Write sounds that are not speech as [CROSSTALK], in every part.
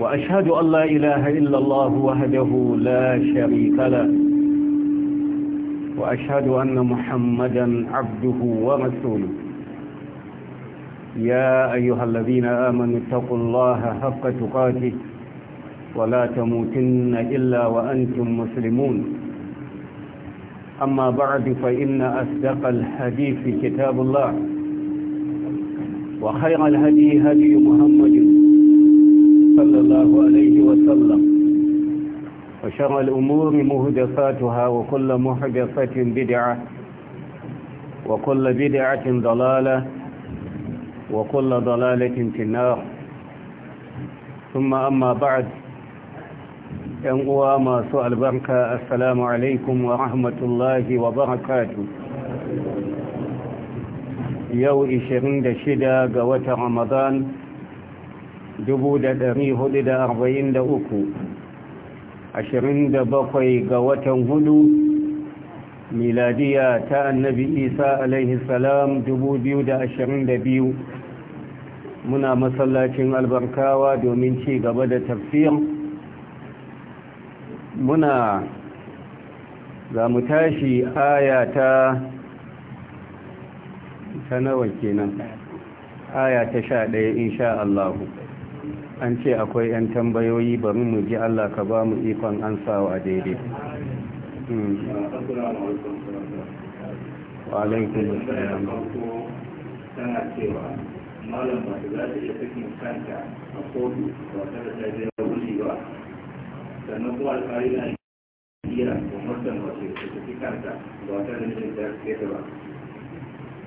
وأشهد أن لا إله إلا الله وحده لا شريك له وأشهد أن محمدا عبده ورسوله يا أيها الذين آمنوا اتقوا الله حق تقاته ولا تموتن إلا وأنتم مسلمون أما بعد فإن أصدق الحديث كتاب الله وخير الهدي هدي محمد الله عليه وسلم وشر الأمور مهدفاتها وكل محدثة بدعة وكل بدعة ضلالة وكل ضلالة في النار ثم أما بعد ينقوى ما سؤال بركة السلام عليكم ورحمة الله وبركاته يو إشرين دشدا قوة رمضان da bakwai ga watan hudu miladiya ta annabi isa alaihi salam biyu. muna masallacin albarkawa domin ci gaba da tafsir muna za tashi aya ta ta nawa kenan aya ta sha ɗaya insha Allahu an ce akwai 'yan tambayoyi bari mu ji Allah ka ba mu ikon an sawa daidai hmm. alaikun salam tana cewa malam ba za ta iya sakin kanta a kotu ba ta da ta jira wuri ba sannan kuma alfahari na iya umartan ba ta saki kanta ba ta da nufin ta ba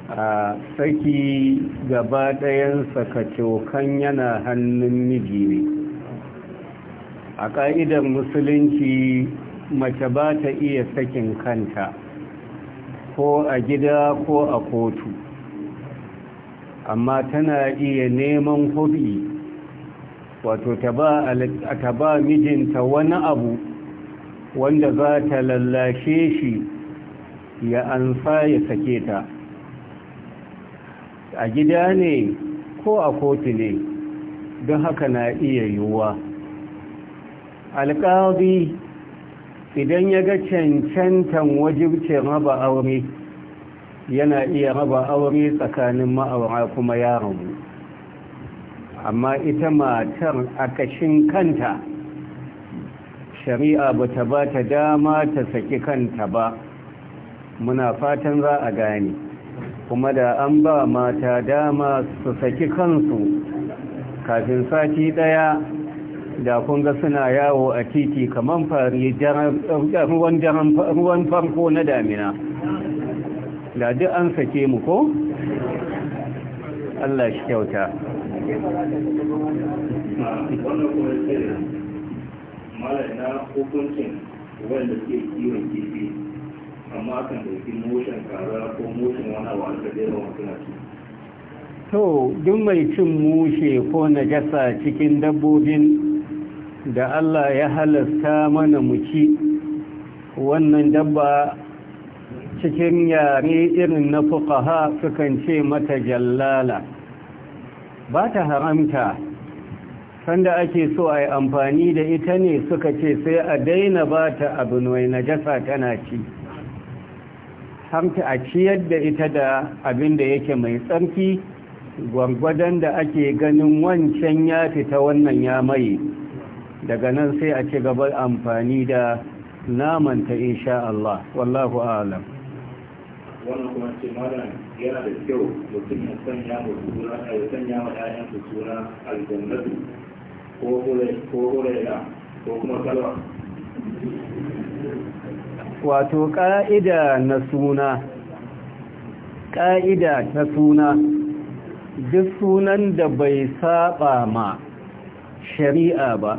a saki gaba ɗayan sakacokan yana hannun miji ne a ƙa'idar musulunci mace ba ta iya sakin kanta ko a gida ko a kotu amma tana iya neman hobi wato ta ba mijinta wani abu wanda za ta lallashe shi ya ansa ya sake ta a gida ne ko a kotu ne don haka na iya yiwuwa alƙadi idan ya ga cancantan wajibcin raba aure yana iya raba aure tsakanin ma'aura kuma yaron amma ita matar a ƙashin kanta shari'a ba ta ba ta dama ta saki kanta ba muna fatan za a gane kuma da an ba mata dama su saki kansu kafin sati daya da kunga suna yawo a titi kamar fari ruwan farko na damina da duk an sake mu ko? Allah shi kyauta hukuncin wanda ke kiwon kifi amma akan yake motion kaza ko motion wani abu da kaɗe da wasu na ci to duk mai cin mushe ko najasa cikin dabbobin da Allah ya halasta mana mu ci wannan dabba cikin yare irin na fukaha sukan ce mata jallala ba ta haramta sanda ake so a yi amfani da ita ne suka ce sai a daina ba ta abu mai najasa tana ci hamta a ciyar da ita da abin da yake mai tsarki gwangwadon da ake ganin wancan ya fita wannan ya mai daga nan sai a ci gabar amfani da namanta insha Allah wallahu alam wannan kuma ce malam yana da kyau mutum ya sanya mu suna ya sanya mu su suna aljannatu ko hulaila ko kuma salwa wato ƙa'ida na suna ƙa'ida ta suna duk sunan da bai saba ma shari'a ba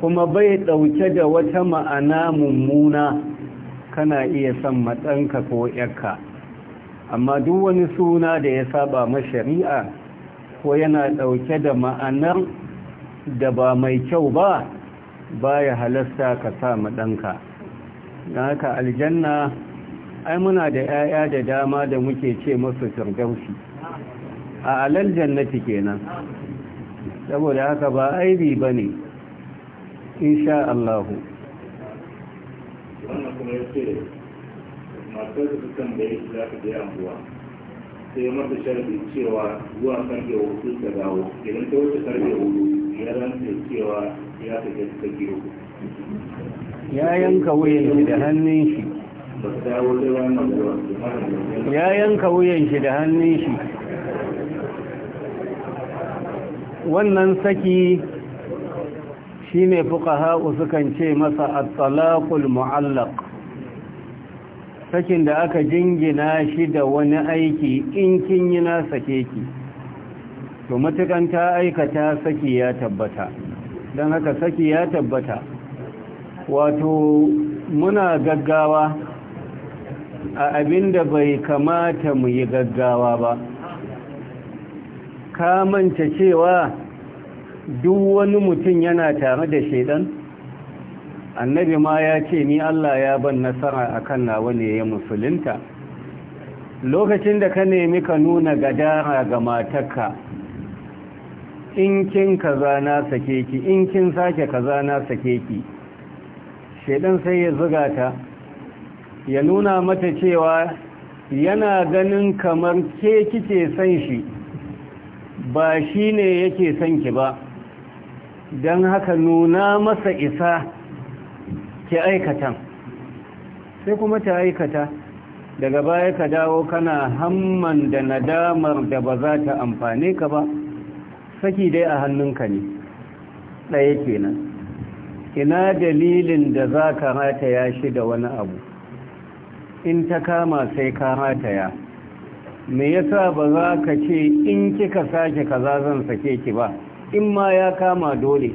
kuma bai ɗauke da wata ma'ana mummuna kana iya san matsanka ko yarka amma duk wani suna da ya saba ma shari'a ko yana ɗauke da ma'anar da ba mai kyau ba baya halasta ka sa ɗanka Da haka aljanna ai muna da 'ya'ya da dama da muke ce masu firdausi a alal jannati kenan saboda haka ba aibi ba ne insha Allahu wannan kuma ya ce matar da dukkan da za ka je anguwa sai mata sharbi cewa zuwa karfe hudu ta dawo idan ta wuce karfe hudu ya rantsa cewa ya ta ke ta biyu ya yanka wuyan shi da hannun shi ya yanka wuyan shi da hannun shi wannan saki shine fuqaha sukan ce masa a tsalakul mu'allak sakin da aka jingina shi da wani aiki in kin yi na sake ki to matukan ta aikata saki ya tabbata don haka saki ya tabbata wato muna gaggawa a abin da bai kamata mu yi gaggawa ba ka manta cewa duk wani mutum yana tare da shaidan annabi ma ya ce ni Allah ya ban nasara akan nawa ne ya musulunta lokacin da ka nemi ka nuna gadara ga matakka, in kin kaza na sake ki in kin sake kaza na sake ki shaidan sai ya zuga ta ya nuna mata cewa yana ganin kamar ke kike san shi ba shi ne yake san ki ba don haka nuna masa isa ki aikatan sai kuma ta aikata daga baya ka dawo kana hamman da nadamar da ba za ta amfane ka ba saki dai a hannunka ne ɗaya kenan ina dalilin da za ka rataya shi da wani abu in ta kama sai ka rataya me yasa ba za ka ce in kika sake kaza zan sake ki ba in ma ya kama dole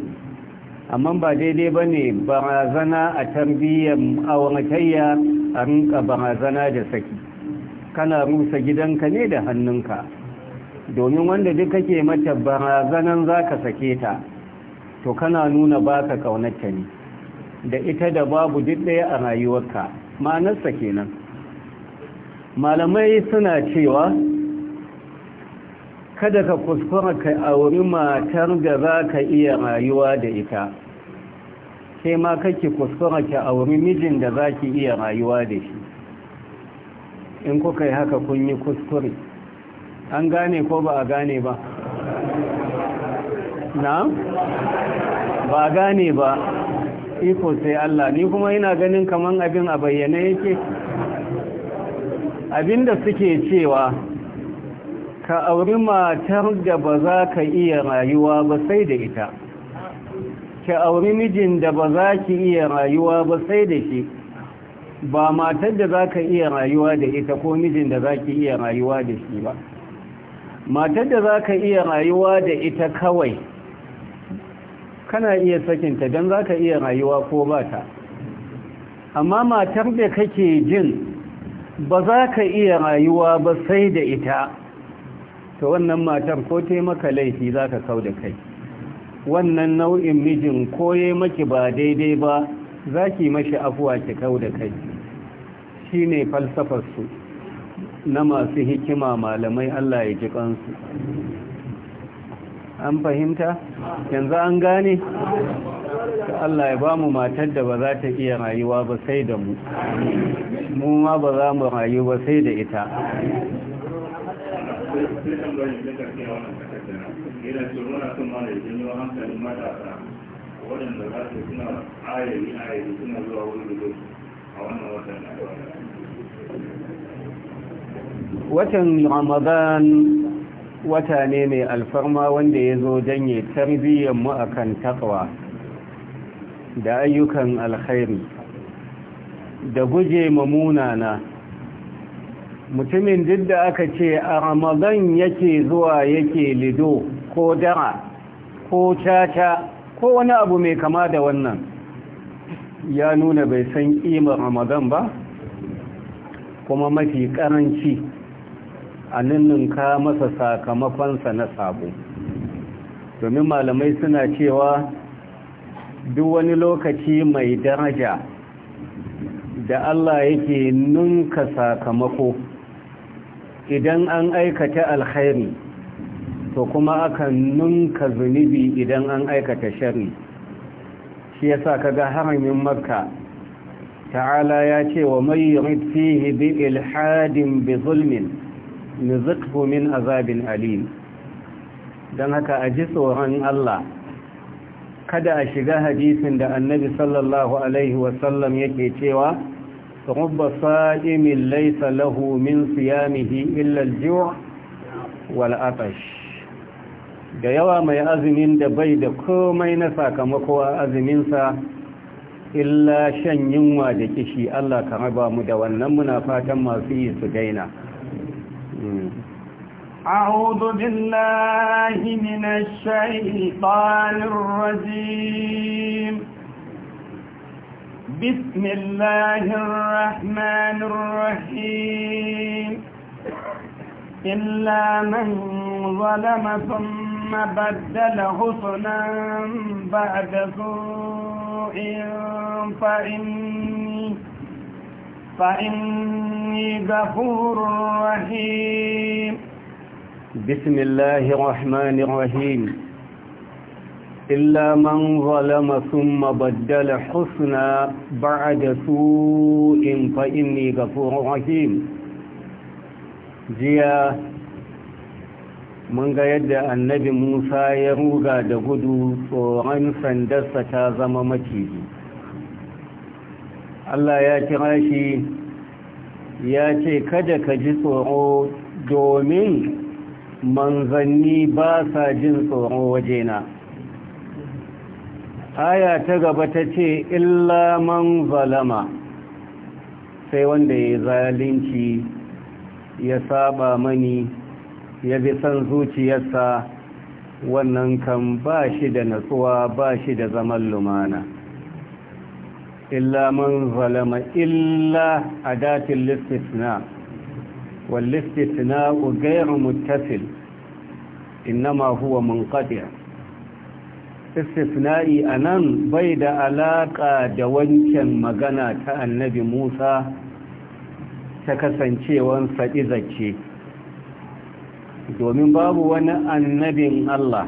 amma ba daidai ba ne barazana a tarbiyyar auratayya a rinka barazana da saki kana rusa gidanka ne da hannunka domin wanda duk kake mata barazanan za ka sake ta to kana nuna ba baka kaunarta ne da ita da babu duk ɗaya a rayuwarka ma'anarsa kenan malamai suna cewa kada ka kuskura ka auri matar da za ka iya rayuwa da ita sai ma kake kuskura ki auri mijin da za ki iya rayuwa da shi in kuka yi haka kun yi kuskure an gane ko ba a gane ba na ba gane ba iko sai Allah ni kuma ina ganin kaman abin a bayyane yake abinda suke cewa ka auri matar da ba za ka iya rayuwa ba sai da ita ka auri mijin da ba za ki iya rayuwa ba sai da shi ba matar da za ka iya rayuwa da ita ko mijin da za ki iya rayuwa da shi ba matar da za ka iya rayuwa da ita kawai kana iya sakinta don za ka iya rayuwa ko ba ta amma matar da kake jin ba za ka iya rayuwa ba sai da ita to wannan matar ko taimaka laifi za ka kau da kai wannan nau'in mijin ko ya maki ba daidai ba za ki mashi afuwa ki kau da kai shi ne falsafarsu na masu hikima malamai Allah ya ji kansu an fahimta yanzu an gane ta Allah ya ba mu matar da ba za ta iya rayuwa ba sai da mu mu ma ba za mu rayu ba sai da ita watan watan ramadan wata ne mai alfarma wanda ya zo don yi tarbiyyar mu akan taqwa da ayyukan alkhairi da guje na. mutumin duk da aka ce a ramadan yake zuwa yake lido ko dara ko caca ko wani abu mai kama da wannan ya nuna bai san ƙimar ramadan ba kuma mafi ƙaranci a ninninka masa sakamakonsa na sabo domin malamai suna cewa duk wani lokaci mai daraja da Allah yake ninka sakamako idan an aikata alkhairi to kuma akan ninka zunubi idan an aikata shari shi yasa kaga haramin makka ta'ala ya ce wa mai yurid fihi bi ilhadin bi zulmin nuzukhu min azabin alim don haka a ji tsoron Allah kada a shiga hadisin da annabi sallallahu alaihi wasallam yake cewa rubba sa'imin laisa lahu min siyamihi illa al wal atash da yawa mai azumin da bai da komai na sakamako a azuminsa illa shan yunwa da kishi Allah ka raba mu da wannan muna fatan masu yi su daina أعوذ بالله من الشيطان الرجيم بسم الله الرحمن الرحيم إلا من ظلم ثم بدل حسنا بعد سوء فإني فإني غفور رحيم بسم الله الرحمن الرحيم إلا من ظلم ثم بدل حسنا بعد سوء فإني غفور رحيم جيا mun ga yadda annabi musa ya ruga da gudu tsoron sandarsa ta zama maciji Allah ya kira shi ya ce kada ka ji tsoro domin manzanni ba sa jin tsoro wajena aya ta gaba ta ce illa man zalama sai wanda ya zalunci ya saba mani ya bi san zuciyarsa wannan kan ba shi da natsuwa ba shi da zaman lumana illa man zalama illa adatin listisna والاستصناء غير متصل انما هو منقطع a anan bai da alaka da wancan magana ta annabi Musa ta kasancewan sa'izace domin babu wani annabin Allah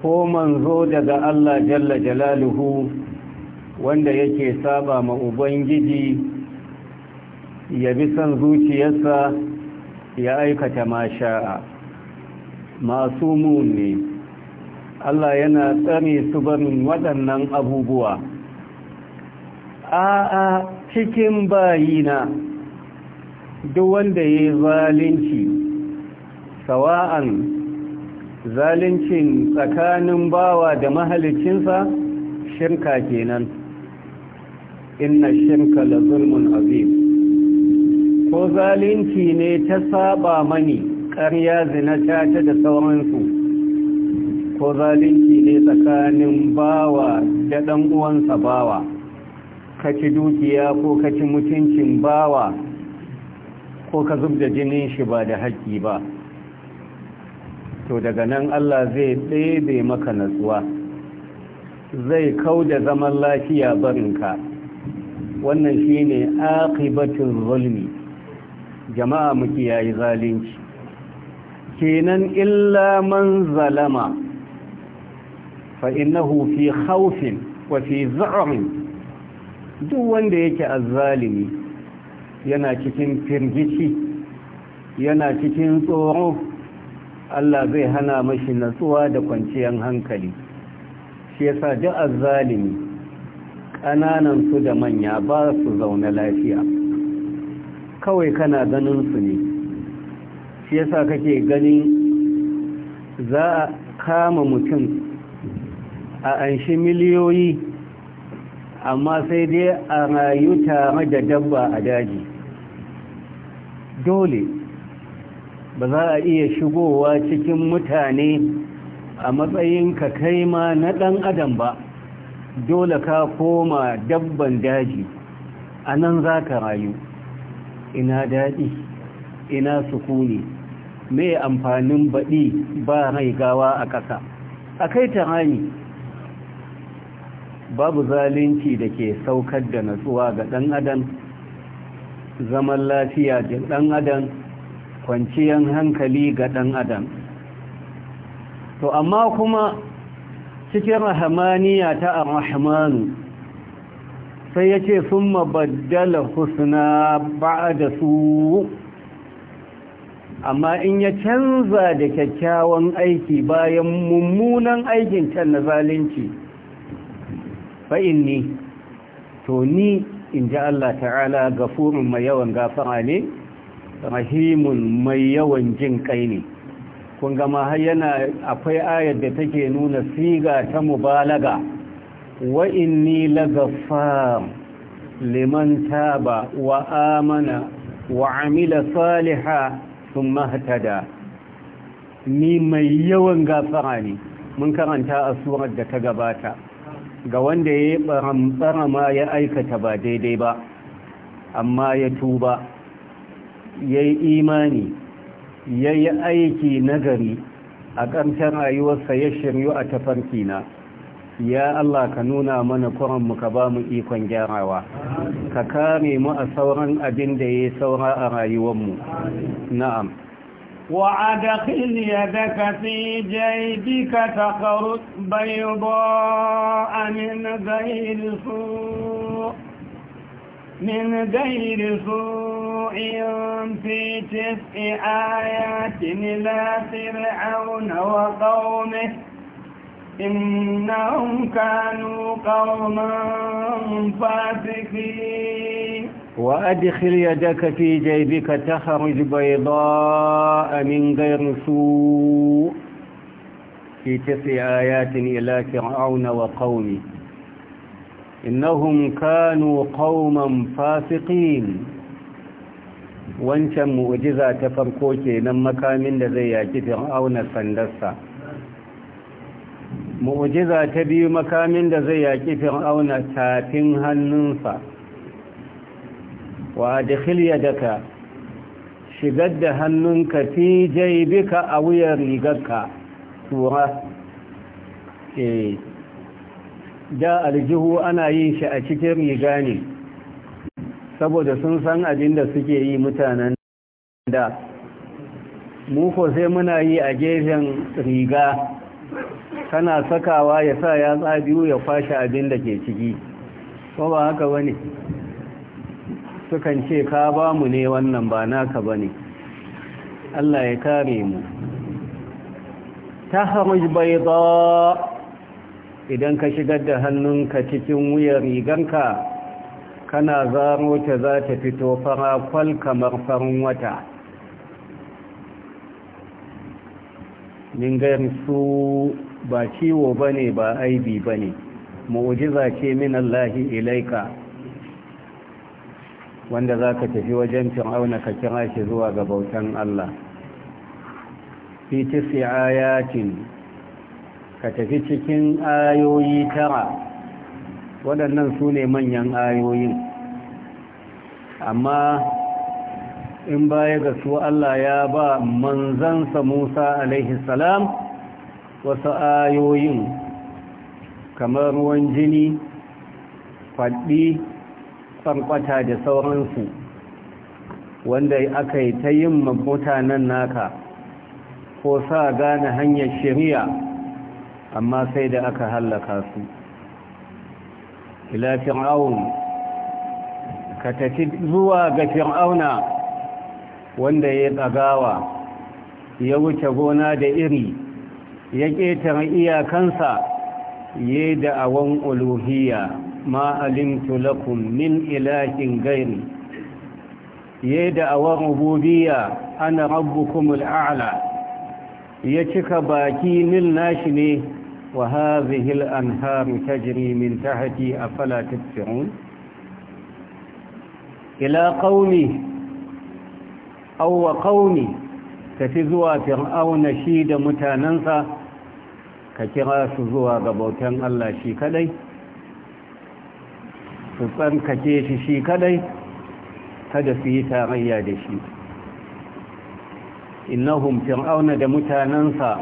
ko manzo daga Allah jalla jalaluhu wanda yake saba ma ubangiji ya bi san zuciyarsa ya aikata masha'a masu ne Allah yana tsare su barin waɗannan abubuwa a'a cikin bayina duk wanda ya yi zalunci sawa'an zaluncin tsakanin bawa da mahalicinsa shirka kenan inna shirka la zulmun azim ko zalunci ne ta saba mani ƙarya zina ta ta da sauransu ko zalunci ne tsakanin bawa da ɗan uwansa bawa kaci dukiya ko kaci mutuncin bawa ko ka zub da jinin shi ba da haƙƙi ba to daga nan Allah zai ɗebe maka natsuwa zai kau da zaman lafiya barinka wannan shi ne akibatin zulmi jama'a muke yayi zalunci kenan illa man zalama fa innahu fi khawfin wa fi za'rin duk wanda yake azzalimi yana cikin firgici yana cikin tsoro Allah zai hana mashi natsuwa da kwanciyar hankali shi yasa duk azzalimi ƙananan su da manya ba su zaune lafiya kawai kana ganin su ne shi yasa kake ganin za a kama mutum a anshi miliyoyi amma sai dai a rayu tare da dabba a daji dole ba za a iya shigowa cikin mutane a matsayin ka kai ma na ɗan adam ba dole ka koma dabban daji a nan za ka rayu ina daɗi ina sukuni mai amfanin baɗi ba rai gawa a ƙasa a kai ta rami babu zalunci da ke saukar da natsuwa ga ɗan adam zaman lafiya da ɗan adam kwanciyar hankali ga ɗan adam to amma kuma cikin rahamaniya ta ar-rahmanu sai ya ce sun mabaddala husna ba'da su amma in ya canza da kyakkyawan aiki bayan mummunan aikin can na zalunci fa'in ni to ni in ji Allah ta'ala gafurin mai yawan gafara ne rahimun mai yawan jin kai ne kun gama har yana akwai ayar da take nuna siga ta mubalaga wa inni lagaffar liman taba wa amana wa amila saliha sun mahtada ni mai yawan gafara ne mun karanta a surar da ta gabata ga wanda ya yi ma ya aikata ba daidai ba amma ya tuba ya yi imani ya yi aiki nagari a ƙarshen rayuwarsa ya shiryu a tafarkina ya Allah ka nuna mana kuranmu ka ba mu ikon gyarawa ka kare mu a sauran abin da ya saura a rayuwarmu na'am Wa a وأدخل يدك في جيبك ba a من zai سوء من غير سوء في تسع آيات إلى فرعون وقومه إنهم كانوا قوما فاسقين وأدخل يدك في جيبك تخرج بيضاء من غير سوء في تسع آيات إلى فرعون وقومه innahum kanu qauman fasiqin wancan mu'jiza ta farko kenan makamin da zai yaki fir'auna sandarsa mu'jiza ta biyu makamin da zai yaki fir'auna tafin hannunsa wa adkhil yadaka shigar da hannunka fi bika a wuyar rigarka tura eh da aljihu ana yin shi a cikin riga ne saboda sun san abin da suke yi mutanen da muko sai muna yi a gefen riga kana sakawa ya sa yatsa biyu ya kwashe abin da ke ciki ko ba haka ne. sukan ce ka ba mu ne wannan ba naka ba ne Allah ya kare mu ta haruj bai idan ka shigar da hannunka cikin wuyar riganka kana zaro ta za ta fito fara kwal kamar farin wata min su ba ciwo ba ne ba aibi ba ne mu'ujiza ce min Allahi ilaika wanda za ka tafi wajen fir'auna ka kira shi zuwa ga bautan Allah fi ya ayatin ka tafi cikin ayoyi tara waɗannan su ne manyan ayoyin amma in baya ga su Allah ya ba manzansa Musa alaihi salam wasu ayoyin kamar ruwan jini faɗi farkwata da sauransu wanda aka yi ta yin mutanen naka ko sa gane hanyar shari'a amma sai da aka hallaka su ila fir'aun ka tafi zuwa ga fir'auna wanda ya tsagawa ya wuce gona da iri ya ƙetare iyakansa ya da awon uluhiyya ma alimtu lakum min ilahin gairi ya da awon rububiyya ana rabbukumul a'la ya cika baki nil nashi ne وهذه الأنهار تجري من تحتي أفلا تبصرون إلى قومي أو قومي تتزوى فرعون شيد متاننسا كترى سزوى غبوتان الله شيكالي سلطان كتيش شيكالي هدفه تاريا دشي إنهم فرعون دمتاننسا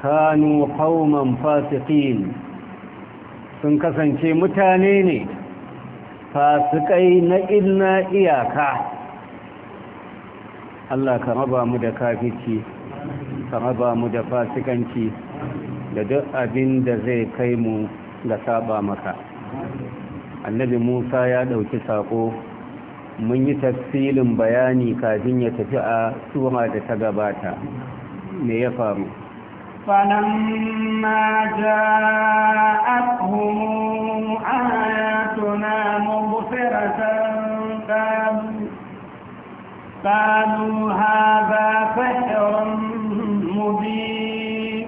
kanu qauman sun kasance mutane ne fasikai na inna iyaka Allah ka raba mu da kafici ka raba mu da fasikanci da duk abin da zai kai mu ga saba maka annabi Musa ya ɗauki sako mun yi tafsilin bayani kafin ya tafi a sura da ta gabata me ya faru فلما جاءتهم آياتنا مبصرة قالوا هذا سحر مبين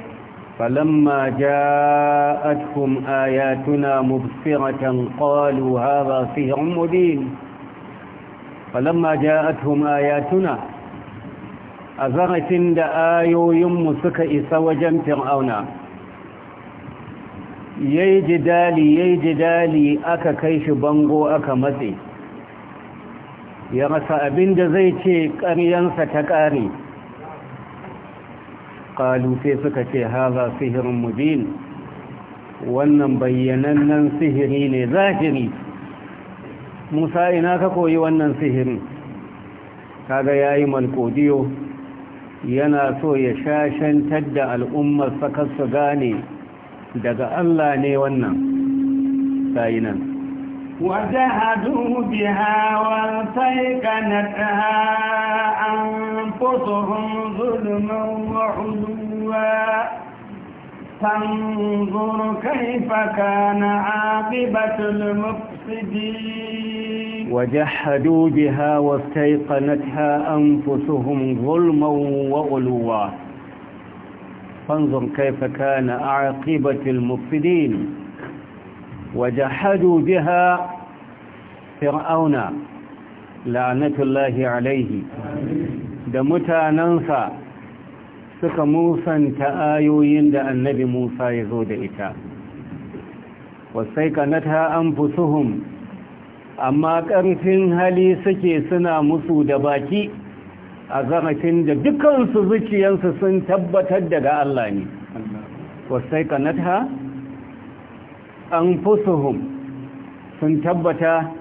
فلما جاءتهم آياتنا مبصرة قالوا هذا سحر مبين فلما جاءتهم آياتنا a zarafin da ayoyinmu suka isa wajen fir'auna ya yi jidali ya yi jidali aka kai shi bango aka matse ya rasa abin da zai ce ƙaryansa ta ƙare ƙalu sai suka ce haza sihirin mubin wannan bayyanannen sihiri ne zahiri musa ina ka koyi wannan sihirin kaga yayi yi malkodiyo yana so ya shashantar da al'ummar saka su gane daga Allah ne wannan nan. biha sayinan وجهدوا بها وانتيقنتها أنفسهم ظلما وعلوا tanzur كيف kana عاقبة mufsidin وجحدوا بها واستيقنتها أنفسهم ظلما وغلوا فانظر كيف كان أعقبة المفسدين وجحدوا بها فرعون لعنة الله عليه da mutanensa suka musanta ayoyin da annabi Musa ya zo da ita wasai kanata an fusuhum amma ƙarfin hali suke suna musu da baki a zarafin da dukansu zuciyansu sun tabbatar daga Allah ne wasai kanata an fusuhun sun tabbata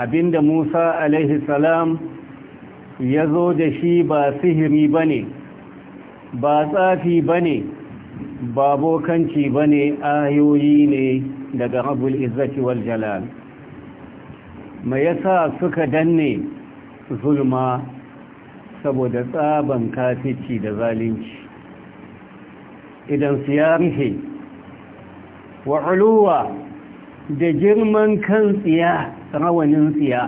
abinda Musa alaihi salam ya zo da shi ba sihiri ba ne ba tsafi ba ne ba bokanci ba ne ayoyi ne daga abul izzati wal jalal ma yasa suka danne zulma saboda tsaban kafici da zalunci idan su ya rufe da girman kan tsiya rawanin tsiya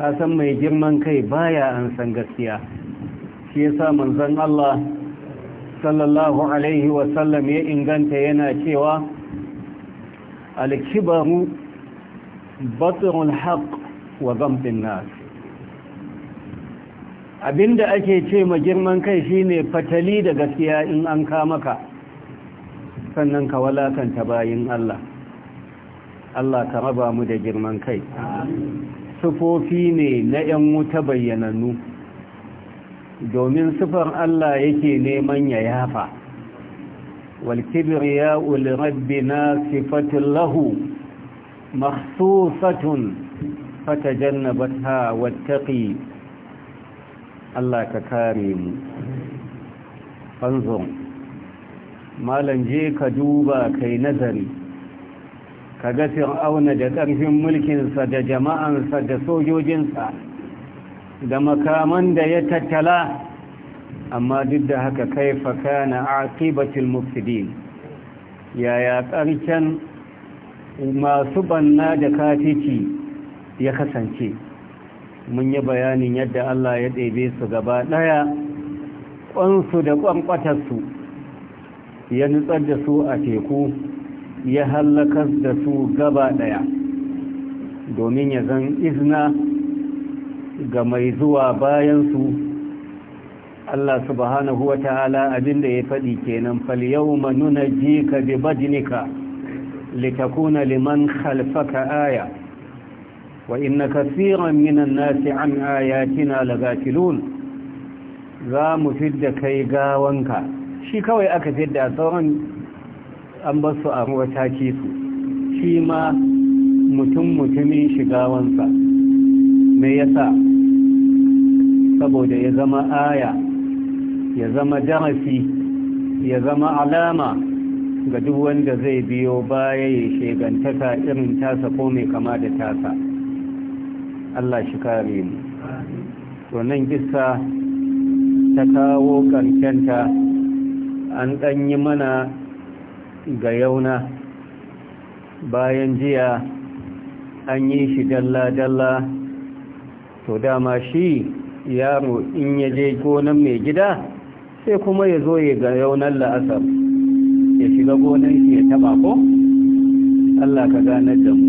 kasan mai girman kai baya an san gaskiya shi yasa manzon Allah sallallahu alaihi wasallam ya inganta yana cewa alkibaru batirul haƙ wa gamtin nas abinda ake ce ma girman kai shine fatali da gaskiya in an ka maka sannan ka walakanta bayin Allah Allah ka raba mu da girman kai sufofi ne na ‘yan wuta bayyanannu domin sufar Allah yake neman ya yafa walkibir ya ulirabbi na sifatun lahu مخصوصة فتجنبتها واتقي kare mu. فانظر malam je ka duba kai nazari ka ga fir'auna da ƙarfin mulkinsa da jama'ansa da sojojinsa da makaman da ya tattala amma duk da haka kaifa kana aqibatul mufsidin yaya ƙarshen masu banna da kafici ya kasance mun yi bayanin yadda Allah ya ɗebe su gaba ɗaya ƙwansu da ƙwanƙwatarsu ya nutsar da su a teku ya hallakar da su gaba ɗaya domin ya zan izina ga mai zuwa bayansu Allah subhanahu wa ta'ala abinda ya faɗi kenan fal yau manuna ji ka bi bajinika litakuna liman khalfaka aya wa inna kaseeran minan nasi an ayatina lagatilun za mu fidda kai gawanka shi kawai aka fidda sauran an ba su a wata su shi ma mutum mutumin shigawansa me yasa saboda ya zama aya ya zama darasi ya zama alama ga duk wanda zai biyo baya ya shegantaka irin tasa ko mai kama da tasa Allah shi kare mu to nan gissa ta kawo karkenta an ɗanyi mana ga yauna bayan jiya an yi shi dalla-dalla to dama shi yaro in ya je gonan mai gida sai kuma ya zo ya ga yaunan la'asar shiga gonan shi ya taba ko Allah ka gane da mu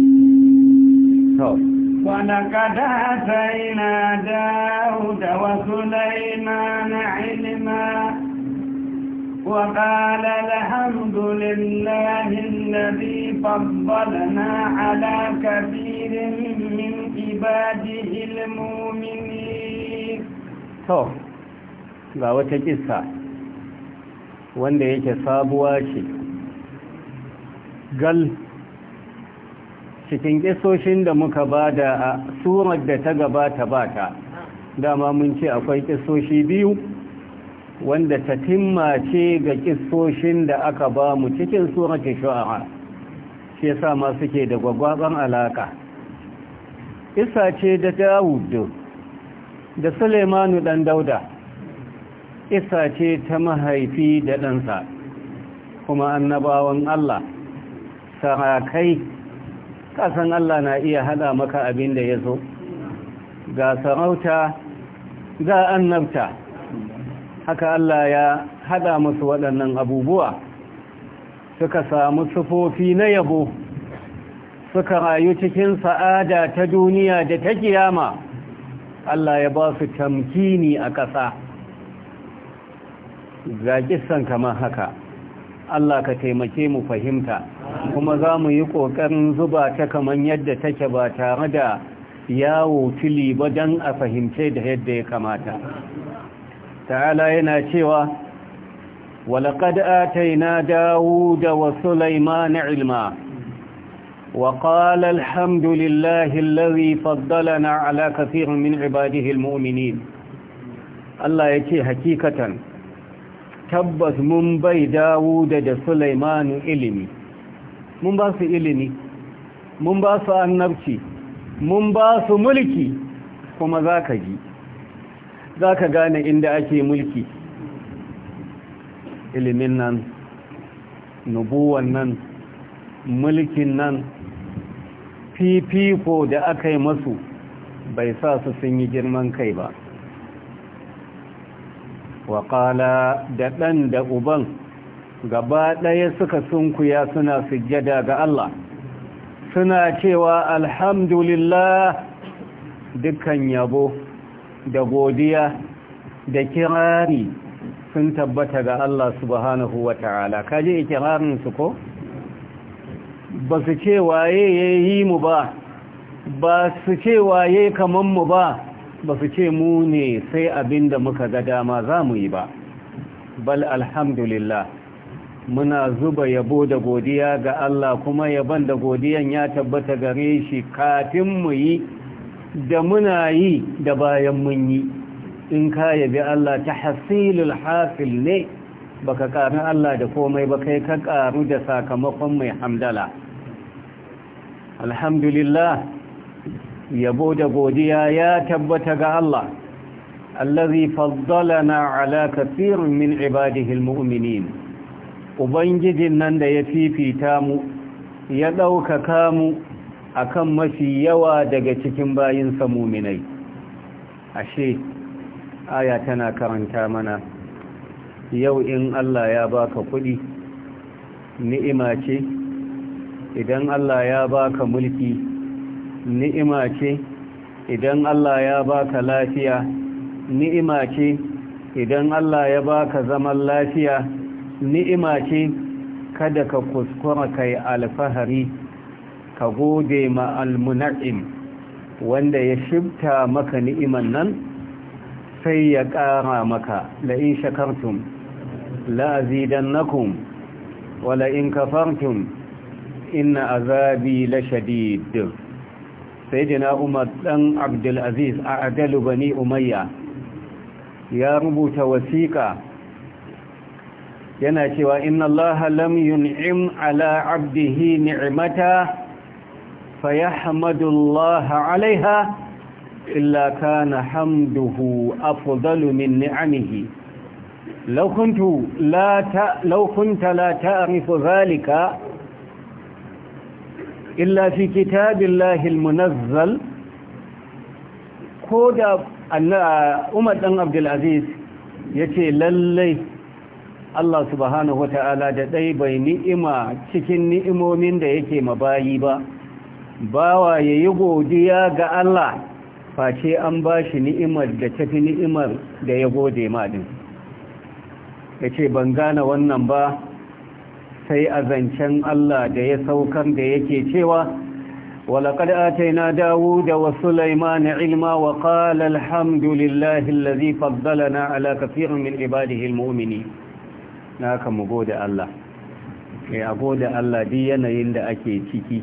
to ولقد آتينا داود وسليمان ilma وقال الحمد لله الذي فضلنا على كثير من عباده المؤمنين to ga wata kissa wanda yake sabuwa ce gal cikin kisoshin da muka ba da a surar da ta gabata ba ta dama mun ce akwai kisoshi biyu wanda ta timma ce ga kisoshin da aka ba mu cikin surar ta shu'ara shi sa ma suke da gwagwaban alaka isa ce da dawud da sulemanu dan dauda isa ce ta mahaifi da ɗansa kuma annabawan allah sarakai kasan Allah na iya hada maka abin da ya zo ga sarauta ga annabta haka Allah ya hada musu waɗannan abubuwa suka samu sufofi na yabo suka rayu cikin sa'ada ta duniya da ta kiyama Allah ya ba su tamkini a ƙasa ga kisan kamar haka Allah ka taimake mu fahimta kuma za mu yi ƙoƙarin zuba ta kamar yadda take ba tare da yawo fili ba don a fahimce da yadda ya kamata ta'ala yana cewa walaƙad ataina dawuda wa sulaimana ilma wa ƙala alhamdulillahi lalzi faddalana ala kafirin min ibadihi almu'mini Allah ya ce hakikatan tabbas mun bai dawo da da sulaimanu ilimi mun ba su ilimi mun ba su annabci mun ba su mulki kuma za ka ji za ka gane inda ake mulki ilimin nan nubuwan nan mulkin nan fifiko da aka yi masu bai sa su sun yi girman kai ba waƙala da ɗan da uban gaba ɗaya suka sunkuya suna sujjada ga Allah suna cewa alhamdulillah dukkan yabo da godiya da kirari sun tabbata ga Allah subhanahu wa ta'ala kaji ikirarin ko ba su ce waye ya yi mu ba ba su ce waye kamar mu ba ba su ce mu ne sai abinda muka ga dama za mu yi ba bal alhamdulillah muna zuba yabo da godiya ga Allah kuma yaban da godiyan ya tabbata gare shi kafin mu yi da muna yi da bayan mun yi in ka yabi Allah ta hasilul hasil ne baka karu Allah da komai ba kai ka karu da sakamakon mai hamdala alhamdulillah yabo da godiya ya tabbata ga Allah allazi na ala katsirin min ibadihi almu'minin ubangijin nan da ya fifita mu ya ɗaukaka mu akan mafi yawa daga cikin bayin muminai ashe aya tana karanta mana yau in Allah ya baka kuɗi ni'ima ce idan Allah ya baka mulki ni'ima ce idan Allah ya baka lafiya ni'ima ce idan Allah ya baka zaman lafiya ni'ima ce kada ka kuskura kai alfahari ka gode ma almuna'im wanda ya shibta maka ni'iman nan sai ya ƙara maka la'in shakartum la'azidannakum wa la'in kafartum inna azabi la shadid sayyidina umar dan abdul a adalu bani umayya ya rubuta wasiƙa yana cewa inna allah lam yun'im ala 'abdihi ni'mata fayahmadu allah 'alayha illa kana hamduhu afdalu min ni'amihi law kuntu la ta law kunta la ta'rifu dhalika illa fi kitabillahi almunazzal koda anna umar dan abdul aziz yace lallai Allah subhanahu wata'ala da ɗai bai ni'ima cikin ni'imomin da yake mabayi ba bawa ya yi godiya ga Allah face an ba shi ni'imar da tafi ni'imar da ya gode maɗin ya ce ban gane wannan ba sai a zancen Allah da ya saukar da yake cewa ولقد آتينا داود وسليمان علما وقال الحمد لله الذي فضلنا على كثير min عباده mumini na mu gode Allah kai a gode Allah duk yanayin da ake ciki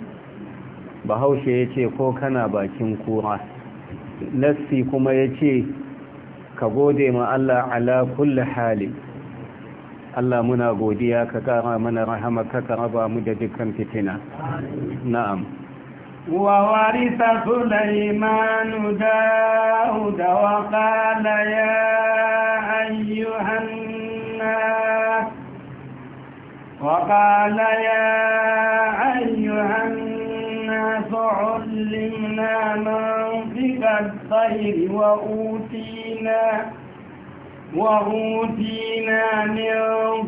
bahaushe ya ce ko kana bakin kura Nassi kuma ya ce ka gode ma Allah ala kulle hali Allah muna godiya ka kara mana rahama ka karaba mu da dukkan fitina na'am wa warisa sulaiman daud wa qala ya ayyuhan وقال يا أيها الناس علمنا منطق الطير وأوتينا وأوتينا من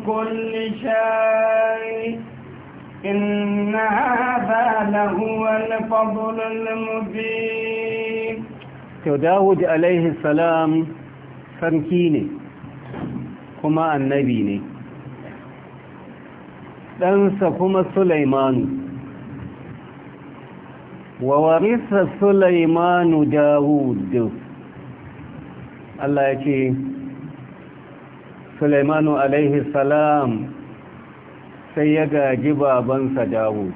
كل شيء إن هذا لهو الفضل المبين كداود عليه السلام فانكيني kuma annabi ne ɗansa kuma sulaimanu wa warisa sulaimanu dawud Allah ya ce sulaimanu alaihi salam sai ya gaji babansa dawud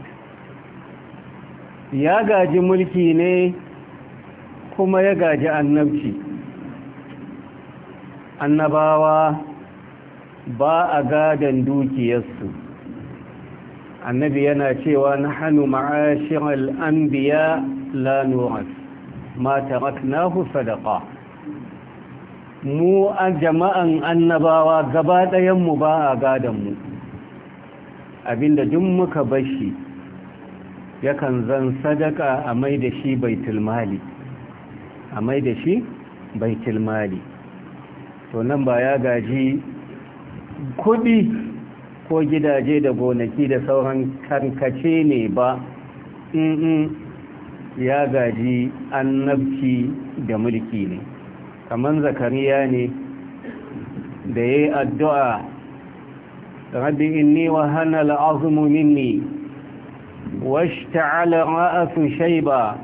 ya gaji mulki ne kuma ya gaji annabci annabawa ba a gadon dukiyarsu annabi yana cewa na hannu ma'ashirar an biya lanuras mata raknahu sadaka mu a jama'an annabawa gaba ɗayanmu ba a gadonmu abinda duk muka bashi yakan zan sadaka a mai da shi baitulmali a mai da shi baitulmali to nan ba ya gaji kudi ko gidaje da gonaki da sauran karkace ne ba in ya gaji annabci da mulki ne kamar zakariya ne da ya yi addu'a rabbi inni wa hana al'azumu minni washta'ala ra'asu shaiba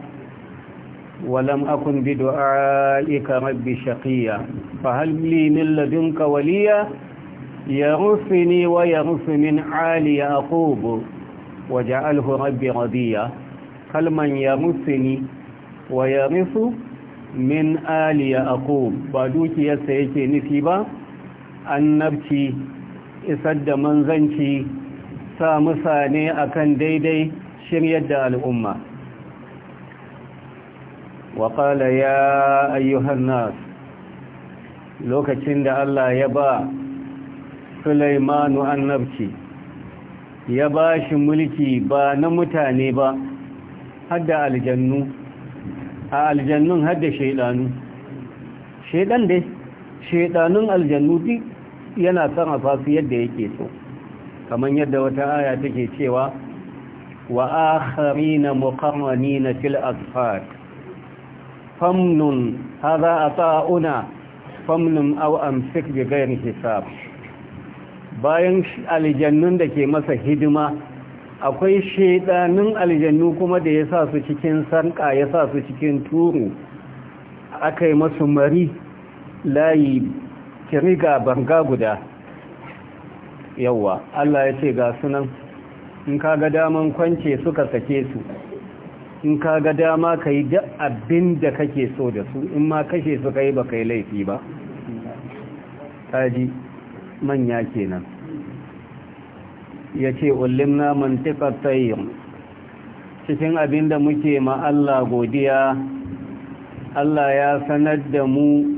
ولم أكن بدعائك رب shaƙiya. فهل لي min لدنك waliyya. يرثني ويرث من آل يعقوب وجعله ربي رضيا كلما يرثني ويرث min aliya aku ba dukiyarsa yake nufi ba an annabci isar da manzanci sa musane akan daidai shiryar da al'umma Wakala ya ayyuhan nas lokacin da Allah ya ba sulaimanu annabci ya ba shi mulki ba na mutane ba hadda aljannu a aljannun hadda shaidanu shaidan dai shaidanun aljannu duk yana son a fasu yadda yake so kamar yadda wata aya take cewa wa akharina muqarranina fil asfar famnun hadha ata'una famnun aw amsik bi ghairi hisab bayan aljannun da ke masa hidima akwai shaidanin aljannu kuma da ya sa su cikin sanka ya sa su cikin turu aka yi masu mari layi kiriga banga guda yawa Allah ya ce ga sunan in ka ga daman kwance suka sake su in ka ga dama ka yi da abin da kake so da su in ma kashe su ka yi ba ka yi laifi ba manya kenan ya ce ulimna mantikar cikin abin da muke ma Allah godiya Allah ya sanar da mu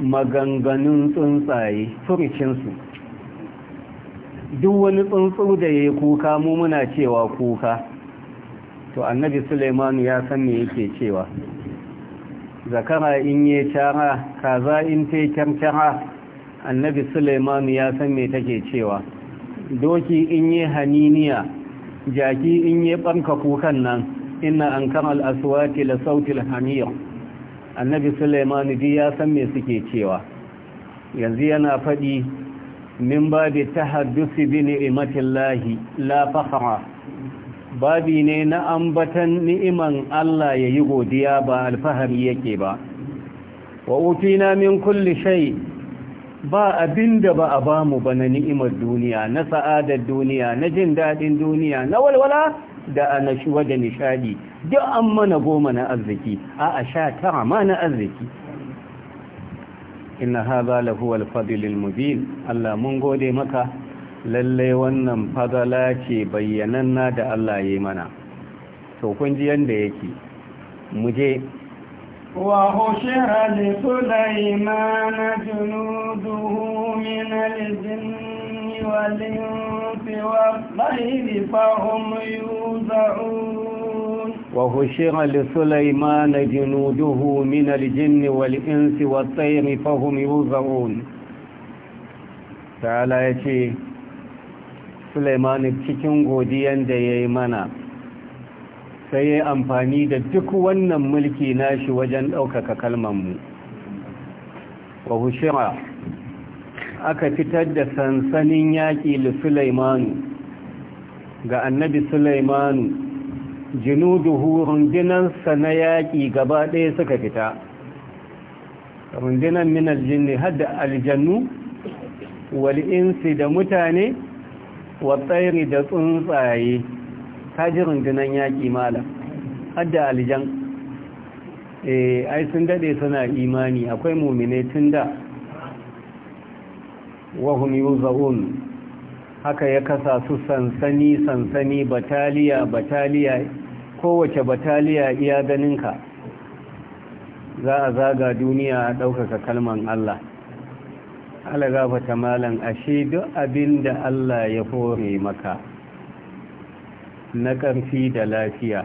maganganun tsuntsaye furicinsu duk wani tsuntsu da ya kuka mu muna cewa kuka to annabi Suleiman ya san me yake cewa zakara in yi cara kaza in te kyamkyara annabi suleiman ya san me take cewa doki in yi haniniya jaki in yi ɓanka kukan nan ina an kan al'aswati la sautil haniyar annabi suleiman di ya san me suke cewa yanzu yana faɗi min babi ta haddusi bi ni'imatin lahi la babi ne na ambatan ni'iman Allah ya yi godiya ba alfahari yake ba wa ufina min kulli shai ba abin da ba a ba mu ba na ni'imar duniya na sa'adar duniya na jin daɗin duniya na walwala da annashuwa da nishadi duk an mana goma na arziki a a sha tara ma na arziki inna haza lahu al-fadl al-mubin Allah mun gode maka lalle wannan fadala ce bayyananna da Allah yayi mana to kun ji yanda yake mu je وحشر لسليمان جنوده من الجن والإنس والطير فهم يوزعون وحشر لسليمان جنوده من الجن والإنس والطير فهم يوزعون تعالى يتي سليمان cikin godiyan ديمانا دي sai ya amfani da duk wannan mulki nashi wajen ɗaukaka kalmanmu wa hushira aka fitar da sansanin yaƙi da sulaimanu ga annabi sulaimanu jinuduhu rundunansa na yaƙi gaba ɗaya suka fita rundunan min jini hada aljannu wal'insi da mutane wa tsairi da tsuntsaye ji rundunan yaƙi malam hadda alijan eh ai sun dade suna imani akwai mu'mine tunda da hum yuzaun haka ya kasa su sansani sansani bataliya bataliya kowace bataliya iya ganinka za a zaga duniya a ɗaukaka kalman Allah ala gafata malam ashe duk abinda Allah ya hore maka na ƙarfi da lafiya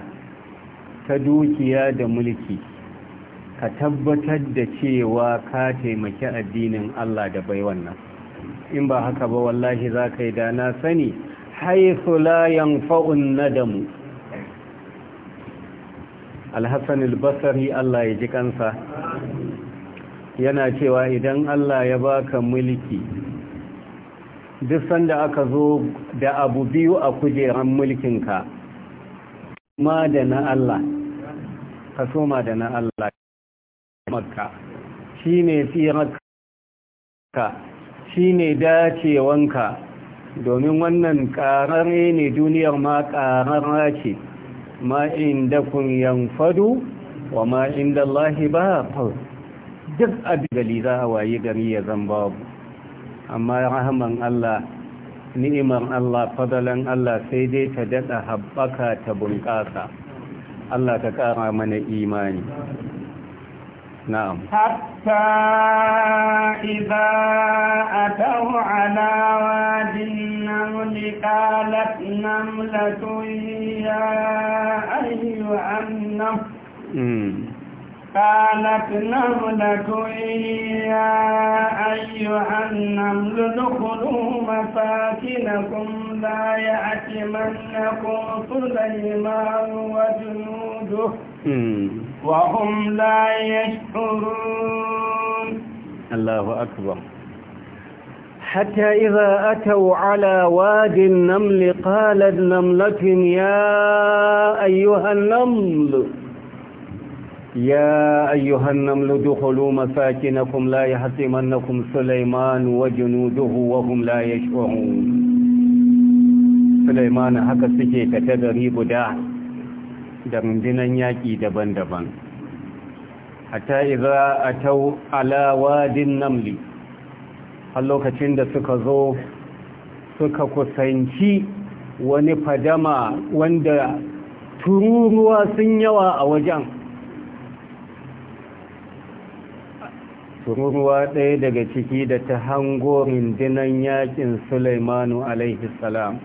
ta dukiya da mulki ka tabbatar da cewa ka taimaki addinin Allah da bai wannan in ba haka ba wallahi za ka yi da na sani haifu layan fa'un damu. alhassan albasari Allah ya ji kansa yana cewa idan Allah ya baka mulki duk sanda aka zo da abu biyu a kujeran mulkinka ma da na Allah ka ma da na Allah makka shi ne tsirarka shi ne dacewanka domin wannan ƙarare ne duniyar ma ƙararra ce ma inda kun yanfadu wa ma inda Allah ba duk abin gali za a waye gari ya zan babu amma rahaman Allah ni'imar Allah fadalan Allah sai dai ta dada haɓaka ta bunƙasa Allah ka ƙara mana imani na'am hatta idza ataw ala wadin namli qalat namlatun ya ayyuhan annam قالت نملة يا أيها النمل ادخلوا مساكنكم لا يأتمنكم سليمان وجنوده وهم لا يشعرون الله أكبر حتى إذا أتوا على وادي النمل قالت نملة يا أيها النمل يا أيها النمل ادخلوا مساكنكم لا يحطمنكم سليمان وجنوده وهم لا يشعرون سليمان haka suke ta gari guda da rundunan yaƙi daban-daban hatta iza atau ala wadin namli a lokacin da suka zo suka kusanci wani fadama wanda tururuwa sun yawa a wajen tururuwa ɗaya daga ciki da ta hango rindinan yakin sulaimanu alaihi salam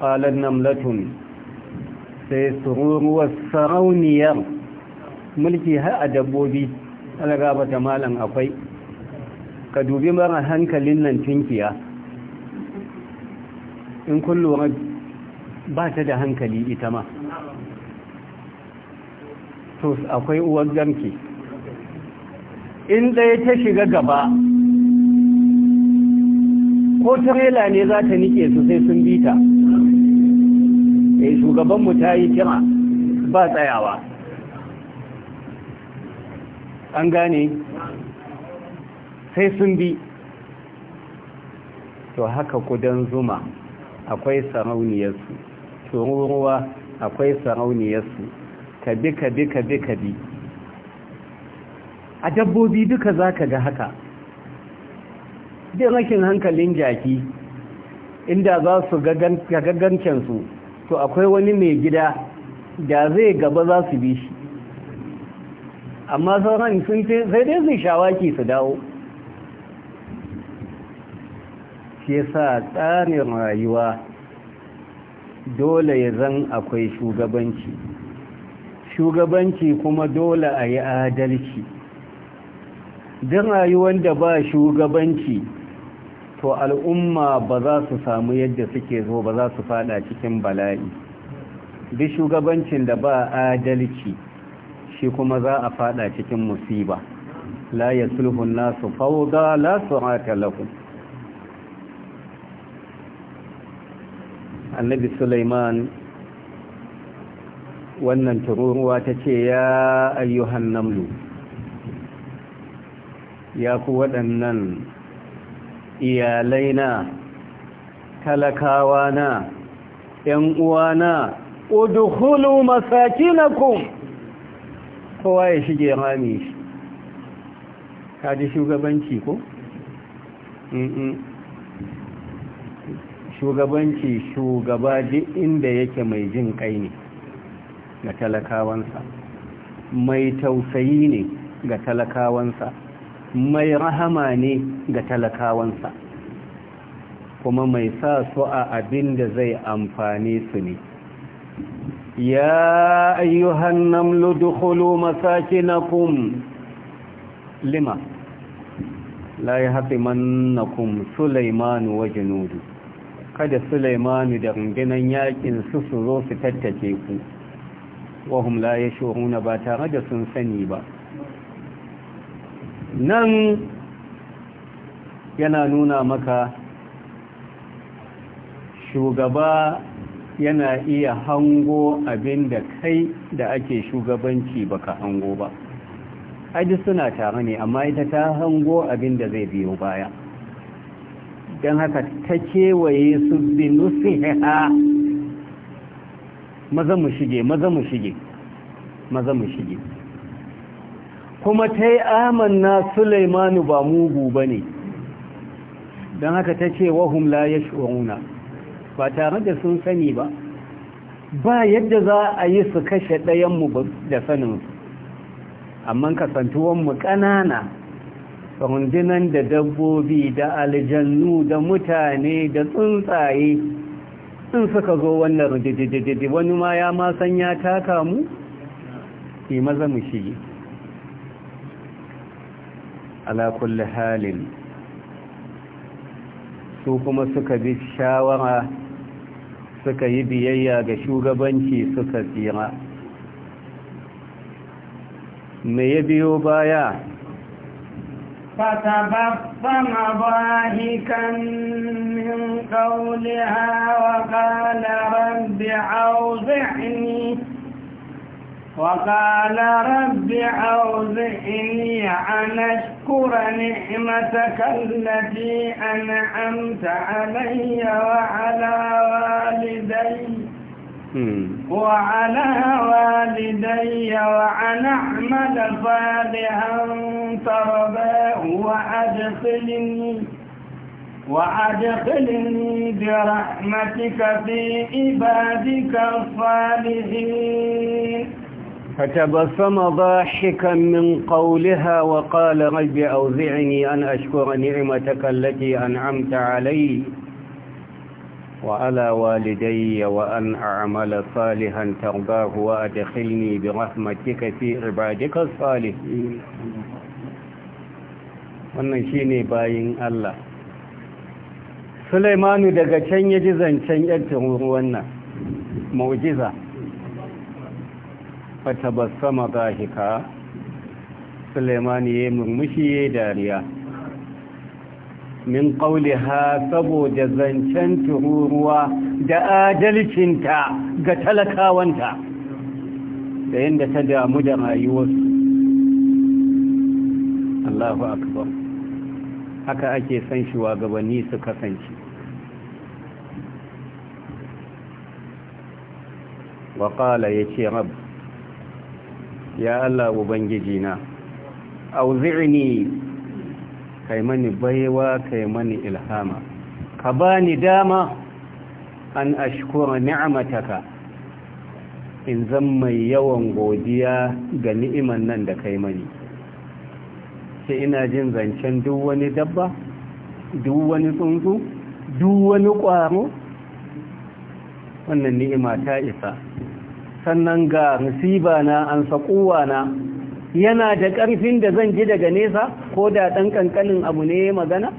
namlatun sai sururuwar sarauniyar mulki har a dabbobi alaga ta malam akwai ka dubi mara hankalin nan tunkiya in kullum lura ba ta da hankali ita ma to akwai uwar gamki in ɗaya ta shiga gaba ko tarela ne za ta nike su sai sun bi ta yi eh, shugabanmu ta yi kira ba tsayawa an gane sai sun bi to haka kudan zuma akwai sarauniyarsu to ruwa-ruwa akwai sarauniyarsu ka bi ka bi ka bi ka bi a dabbobi duka za ka ga haka Duk rashin hankalin jaki inda za su gagancensu to akwai wani mai gida da zai gaba za su bi shi amma sauran sun ce sai dai zai shawaki su dawo shi sa tsarin rayuwa dole ya zan akwai shugabanci shugabanci kuma dole a yi adalci duk rayuwar da ba shugabanci to al'umma ba za su samu yadda suke zo ba za su fada cikin bala'i duk shugabancin da ba adalci shi kuma za a fada cikin musiba la ya an-nasu fawda la su'ata lahum annabi Suleiman wannan tururuwa ta ce ya ayyuhan namlu ya ku waɗannan iyalai na talakawa na ‘yan uwana na ku kowa ya shige rami shi kaji shugabanci ko? shugabanci shugaba ji inda yake mai jin kai ne ga talakawansa mai tausayi ne ga talakawansa mai rahama ne ga talakawansa kuma mai sa su a abin da zai amfane su ne ya ayyuhan namlu dukhulu masakinakum lima la yahtimannakum sulaymanu wa junudu kada sulaymanu da rundunan yakin su su zo su tattake ku wahum la yashuruna ba tare da sun sani ba nan yana nuna maka shugaba yana iya hango abin da kai da ake shugabanci baka hango ba aji suna tare ne amma ita ta hango abin da zai biyo baya don haka ta kewaye su binu siha maza mu shige maza mu shige maza mu shige kuma ta yi amanna sulaimanu ba mugu ba ne don haka ta ce wahum la ya shi'una ba tare da sun sani ba ba yadda za a yi su kashe ɗayanmu da saninsu amma kasantuwanmu ƙanana rundunan da dabbobi da aljannu da mutane da tsuntsaye in suka zo wannan rundididididi wani ma ya masan ya taka mu? ke maza mu shige ala kulli halin su kuma suka bi shawara suka yi biyayya ga shugabanci suka tsira me ya biyo baya فتبطم min من wa وقال rabbi أوزعني وقال رب أوزئني أن أشكر نعمتك التي أنعمت علي وعلى والدي وعلى والدي وعن أعمل صالحا ترباه وأدخلني وأدخلني برحمتك في عبادك الصالحين فتبسم ضاحكا من قولها وقال رب أوزعني أن أشكر نعمتك التي أنعمت علي وعلى والدي وأن أعمل صالحا ترباه وأدخلني برحمتك في عبادك الصالحين wannan shine bayin Allah Sulaimanu daga can yaji zancen yadda wannan mu'jiza fatabassama dhahika Sulaiman ya murmushi ya dariya min qawliha saboda zancen tururuwa da adalcinta ga talakawanta da yanda ta damu da rayuwarsu Allahu akbar haka ake san shi wa gabanni su kasance وقال يا رب ya Allah ubangiji na auzi'ni kai mani baiwa kai mani ilhama ka bani dama an ashkura ni'mataka in zan mai yawan godiya ga ni'iman nan da kai mani sai ina jin zancen duk wani dabba duk wani tsuntsu duk wani ƙwaro wannan ni'ima ta isa sannan ga musiba na an saƙuwa na yana da ƙarfin da zan ji daga nesa ko da ɗan ƙanƙanin abu ne magana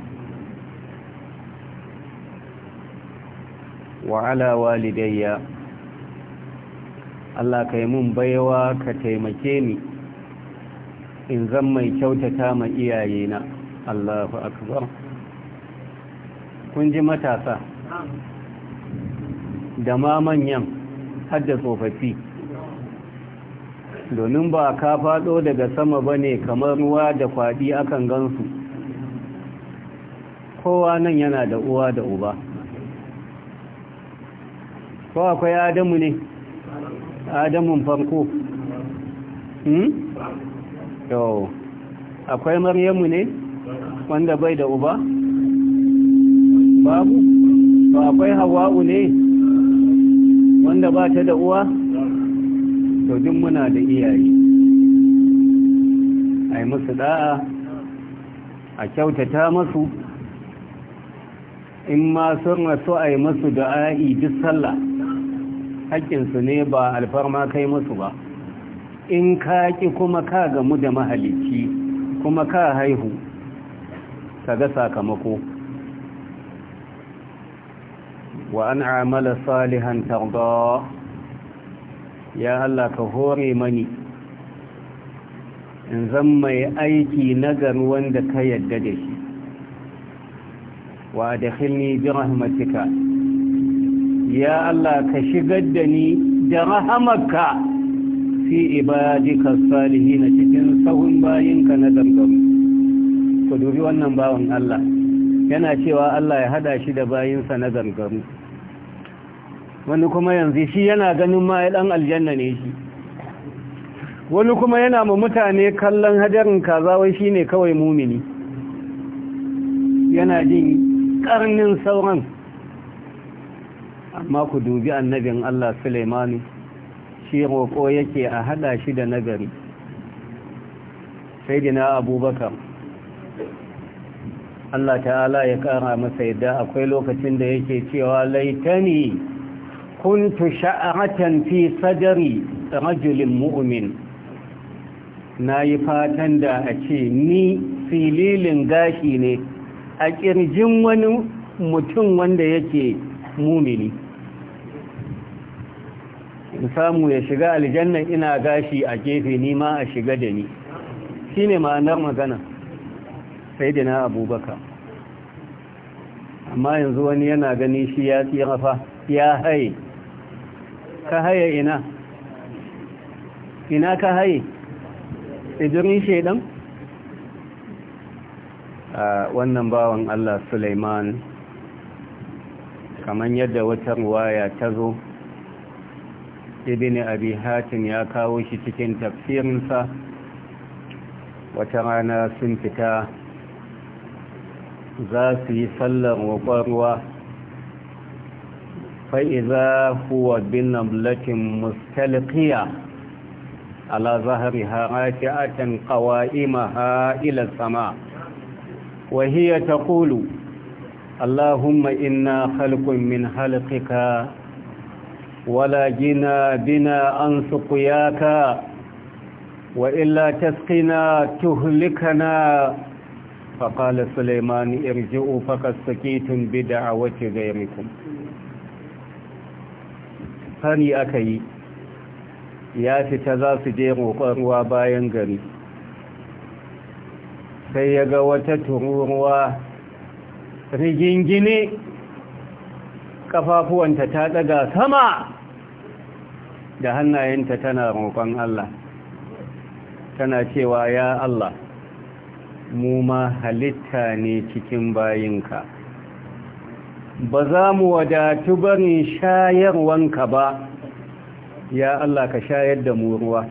wa'ala walidayya Allah ka yi mun baiwa ka taimake ni in zan mai kyautata ma iyayena Allahu akbar kun ji matasa da ma manyan hadda tsofaffi domin ba ka faɗo daga sama ba ne kamar ruwa da kwaɗi akan gansu kowa nan yana da uwa da uba ko akwai adamu ne adamun farko hmm? yau akwai maryamu ne wanda bai da uba babu ba akwai hawa'u ne wanda ba ta da uwa to duk muna da iyaye a musu da'a a kyautata masu in ma sun rasu a yi musu da'a'i duk sallah haƙƙinsu ne ba alfarma kai musu ba in ka ki kuma ka gamu da mahalicci kuma ka haihu ka ga sakamako amala salihan صالحا ya Allah ka كهوري mani in zan mai aiki nagar wanda ka yadda da shi wa da hilni bi rahmatika ya Allah ka shigar da ni da rahamarka fi ibadika na cikin sahun bayinka na dangamu ku dubi wannan bawan Allah yana cewa Allah ya hada shi da bayinsa na gangaru wani kuma yanzu shi yana ganin ma ya aljanna ne shi wani kuma yana ma mutane kallon hadarin kaza wai shine kawai mumini yana jin karnin sauran amma ku dubi annabin Allah Sulaimanu shi roƙo yake a hada shi da nagari sai dina abubakar Allah ta'ala ya kara masa yadda akwai lokacin da yake cewa laitani kuntu sha'atan fi sadari rajulin mu'min nayi fatan da a ce ni fililin gashi ne a kirjin wani mutum wanda yake mumini in samu ya shiga aljanna ina gashi a gefe ni ma a shiga da ni shine ma'anar magana sai abubakar amma yanzu wani yana gani shi ya tsira fa ya haye ka haye ina ina ka haye tsibirin shaidan a wannan bawan allah suleiman kamar yadda wata ruwaya ta zo ibini abi hatim ya kawo shi cikin tafsirinsa wata rana sun fita za su yi sallar roƙon ruwa fa'iza huwa bin namlatin mustalqiya ala zahari haraki atan ƙawa'ima ha'ilar sama wahiyya ta kulu allahumma inna halkun min halkika ولا جنا بنا عن سقياك وإلا تسقنا تهلكنا فقال سليمان ارجعوا فقد سكيتم بدعوة غيركم hani aka yi ya fita za su je ruwa bayan gari sai ya ga wata tururuwa rigingine kafafuwanta ta daga sama da hannayenta tana roƙon Allah tana cewa ya Allah mu ma halitta ne cikin bayinka ba za mu wadatu barin shayarwanka ba ya Allah ka shayar da mu ruwa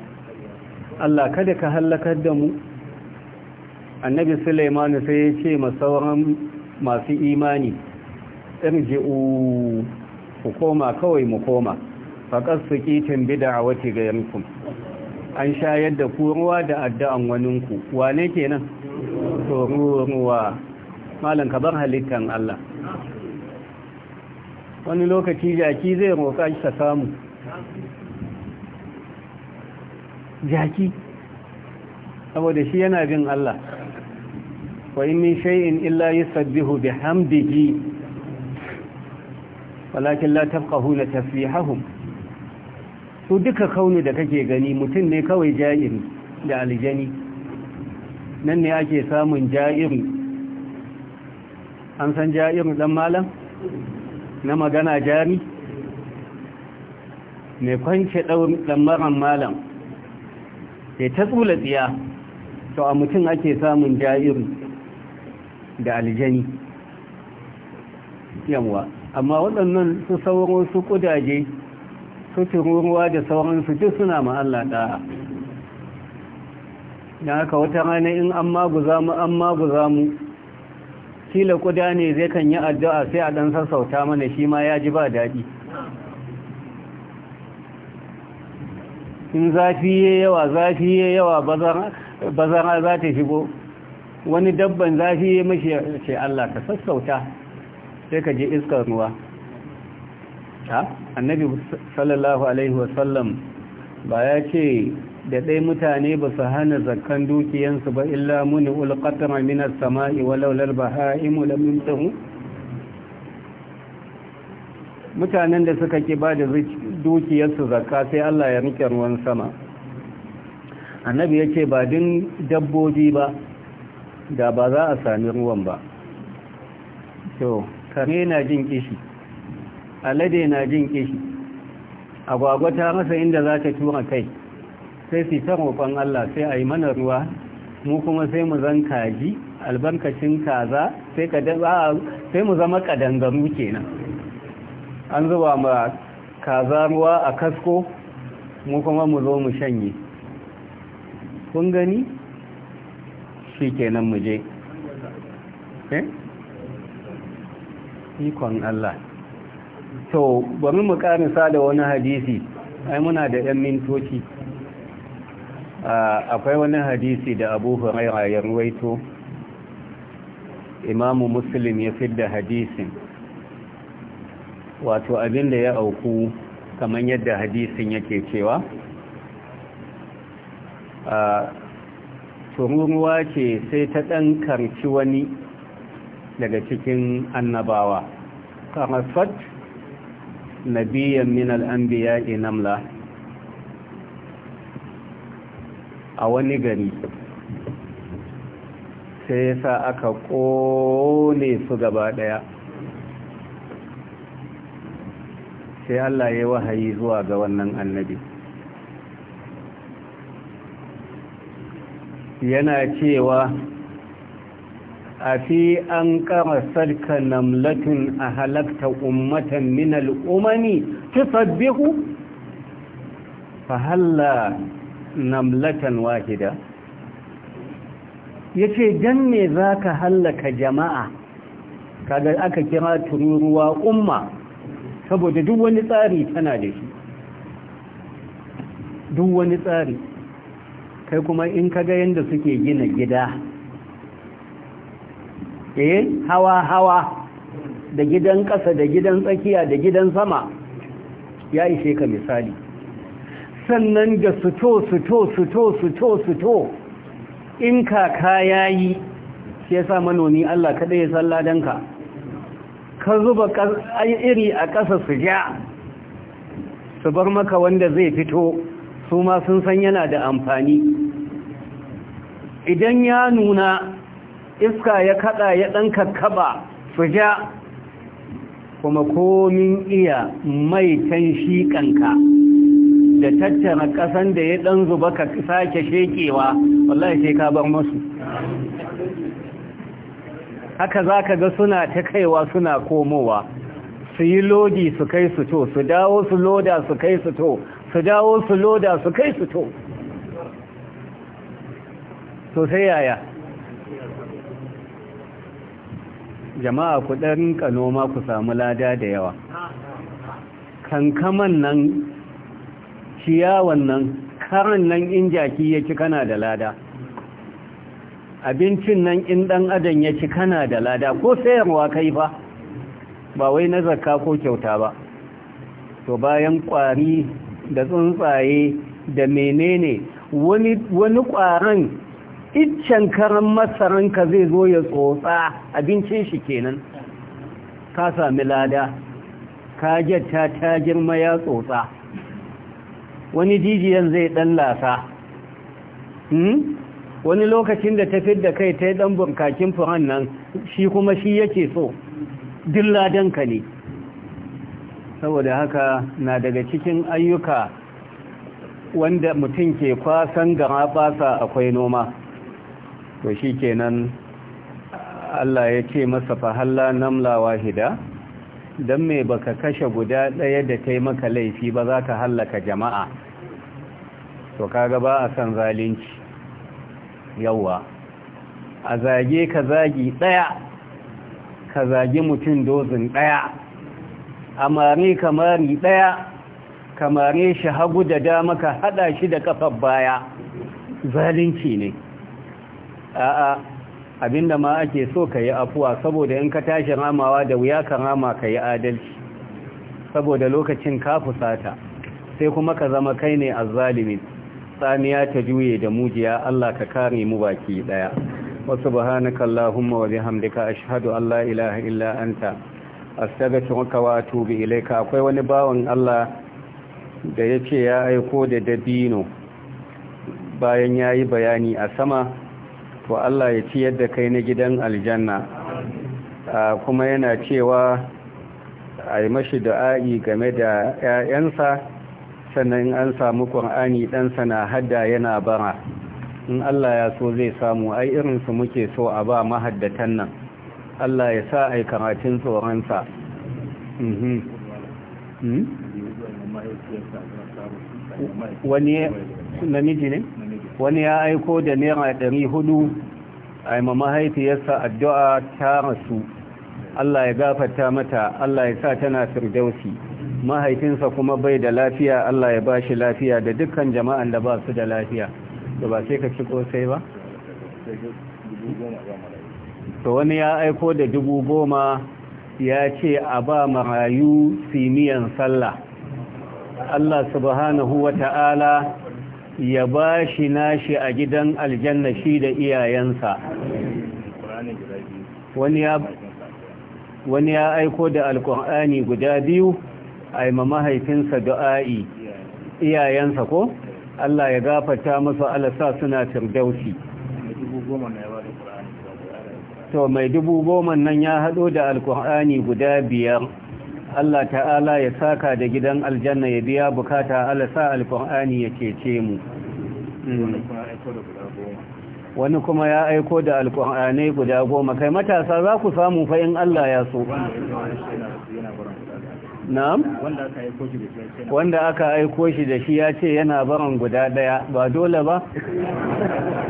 Allah kada ka hallakar da mu annabi Sulaimanu sai ya ce masauran masu imani irji'u ku koma kawai mu koma faqas suqitin bid'a ga tigayankum an shayar da ku ruwa da addu'an waninku wane kenan ruwa-ruwa malam ka bar halittar Allah wani lokaci jaki zai roƙa shi ta samu jaki saboda shi yana bin Allah wa in min shay'in illa yusabbihu bihamdihi walakin la tafqahuna tasbihahum su duka kauni da kake gani mutum ne kawai ja'in da aljani nan ne ake samun ja'iru an san ja'iru dan malam na magana jari mai kwance dan maran malam ke ta tsula tsiya to a mutum ake samun ja'iru da aljani yamwa amma waɗannan su sauran su kudaje su tururuwa da sauransu duk suna ma'alla ɗaya. da aka wata rana in an maguza mu an maguza mu kila kuda ne zai kan yi addu'a sai a ɗan sassauta mana shi ma ya ji ba daɗi in zafi ya yawa zafi ya yawa bazara za ta shigo wani dabban zafi ya mashi ce Allah ka sassauta sai ka je iskar ruwa annabi sallallahu alaihi wasallam ba ya ce da dai mutane ba su hana zakkan dukiyansu ba illa muni ulqatama min as-sama'i walau lal baha'imu lam yuntahu mutanen da suka ke ba da dukiyarsu zakka sai Allah ya rike ruwan sama annabi yace ba din dabbobi ba da ba za a sami ruwan ba to kare na jin kishi alade na jin kishi agwagwa ta rasa inda za ta tura kai sai su ta roƙon Allah sai a yi mana ruwa mu kuma sai mu zan kaji albarkacin kaza sai mu zama kadangaru kenan an zuba ma kaza ruwa a kasko mu kuma mu zo mu shanye kun gani shi kenan mu je eh ikon Allah to bari mu karisa da wani hadisi ai muna da 'yan mintoci akwai wani hadisi da abu huraira ya ruwaito imamu muslim ya fidda hadisin wato abin da ya auku kamar yadda hadisin yake cewa a tururuwa ce sai ta ɗan karci wani daga cikin annabawa karafat nabiyan min biya inamla a wani gari sai ya sa aka ƙone su gaba ɗaya sai Allah ya wahayi zuwa ga wannan annabi yana cewa a fi an kama sarka namlatin a halakta ummatan min al'umani ta sabbihu fahalla namlatan wahida ya ce don me za ka hallaka jama'a kaga aka kira tururuwa umma saboda duk wani tsari tana da shi duk wani tsari kai kuma in kaga yadda suke gina gida eh hawa-hawa da gidan ƙasa da gidan tsakiya da gidan sama ya ishe misali sannan da suto-suto-suto-suto in kaka ya yi shi ya sa manomi Allah kaɗai ya salla danka ka zuba iri a ƙasa su ja su bar maka wanda zai fito su ma sun san yana da amfani idan ya nuna iska ya kada ya ɗan kakkaɓa su ja kuma komin iya mai can shi kanka da tattara kasan da ya ɗan zuba ka sake shekewa wallahi sai ka bar musu haka zaka ga suna ta kaiwa suna komowa su yi lodi su kai su to su dawo su loda su kai su to su dawo su loda su kai su to to sai yaya jama'a ku dan noma ku samu lada da yawa kankaman nan ciyawan nan karan nan in jaki ya ci kana da lada abincin nan in dan adam ya ci kana da lada ko sayarwa kai fa ba wai na zakka ko kyauta ba to bayan kwari da tsuntsaye da menene wani wani kwaran iccen karan masaranka zai zo ya tsotsa abincin shi kenan ka sami lada ka jatta ta girma ya tsotsa wani jijiyan zai dan lasa hmm? wani lokacin da ta fidda kai ta yi dan burkakin furan nan shi kuma shi yake so dilladanka ne saboda haka na daga cikin ayyuka wanda mutum ke kwasan gama basa akwai noma to shi kenan Allah ya ce masa fahalla namla wahida don mai baka kashe guda ɗaya da ta maka laifi ba za ka hallaka jama'a to kaga ba a san zalunci yawa a zage ka zagi daya ka zagi mutum dozin daya a mare kamari daya kamare shi hagu da dama ka hada shi da kafar baya zalunci ne a'a abinda ma ake so ka yi afuwa saboda in ka tashi ramawa da wuya ka rama ka yi adalci saboda lokacin ka fusata sai kuma ka zama kai ne azzalimin saniya ta juye da mujiya Allah ka kare mu baki daya wa subhanaka allahumma wa bihamdika ashhadu an la ilaha illa anta astaghfiruka wa atubu ilayka akwai wani bawon Allah da yace ya aiko da dabino bayan yayi bayani a sama to Allah ya ci yadda kai na gidan aljanna kuma yana cewa a yi mashi da'a'i game da 'ya'yansa sannan an samu ƙwar'ani ɗansa na hadda yana bara in Allah ya so zai samu ai irinsu muke so a ba mahaddatan nan Allah ya sa ai karatun tsoronsa mhm. hmm? wani ya aiko da naira ɗari hudu a ma mahaifiyarsa addu'a ta rasu Allah ya gafata mata Allah ya sa tana firdausi mahaifinsa kuma bai da lafiya Allah ya bashi lafiya da dukkan jama'an da ba su da lafiya Da ba sai ka ci kosai ba to wani ya aiko da dubu goma ya ce a ba marayu siniyan sallah Allah subhanahu wa ta'ala ya ba shi nashi a gidan aljanna shi da iyayensa wani ya aiko da alkur'ani guda biyu Aima ma mahaifinsa du'a'i iyayensa ko Allah ya gafata Allah alasa suna firdausi to mai dubu goma nan ya hado da alkur'ani guda biyar Allah ta'ala ya saka da gidan aljanna ya biya bukata alasa alkur'ani ya cece mu hmm. wani kuma ya aiko da alkur'anai guda goma kai matasa za ku samu fa'in Allah ya so na'am wanda aka aiko shi da shi ya ce yana baron guda daya ba dole ba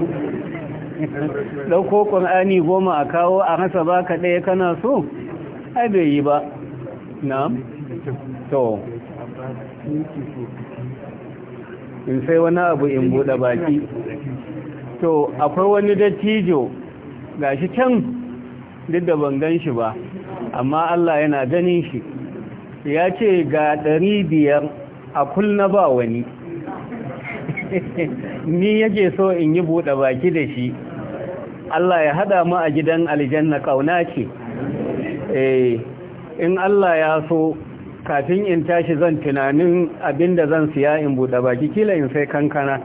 [LAUGHS] ɗauko ƙur'ani goma a kawo a rasa baka ɗaya kana so ai bai yi ba na'am to in sai wani abu in buɗe baki to akwai wani dattijo gashi can duk da ban gan shi ba amma Allah yana ganin shi ya ce ga ɗari biyar a kulna ba wani [LAUGHS] ni yake so in yi buɗe baki da shi Allah ya hada mu a gidan aljanna kauna ce eh in Allah ya so kafin in tashi zan tunanin abinda zan siya in buɗe baki kila in sai kankana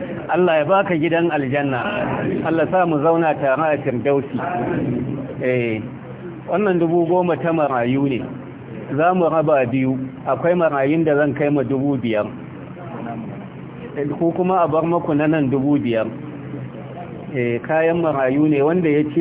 [LAUGHS] Allah ya baka gidan aljanna Allah sa mu zauna tare a firdausi eh wannan dubu goma ta marayu ne za mu raba biyu akwai marayun da zan kai ma dubu biyar ko kuma a bar maku na nan dubu biyar eh, kayan marayu ne wanda ya ci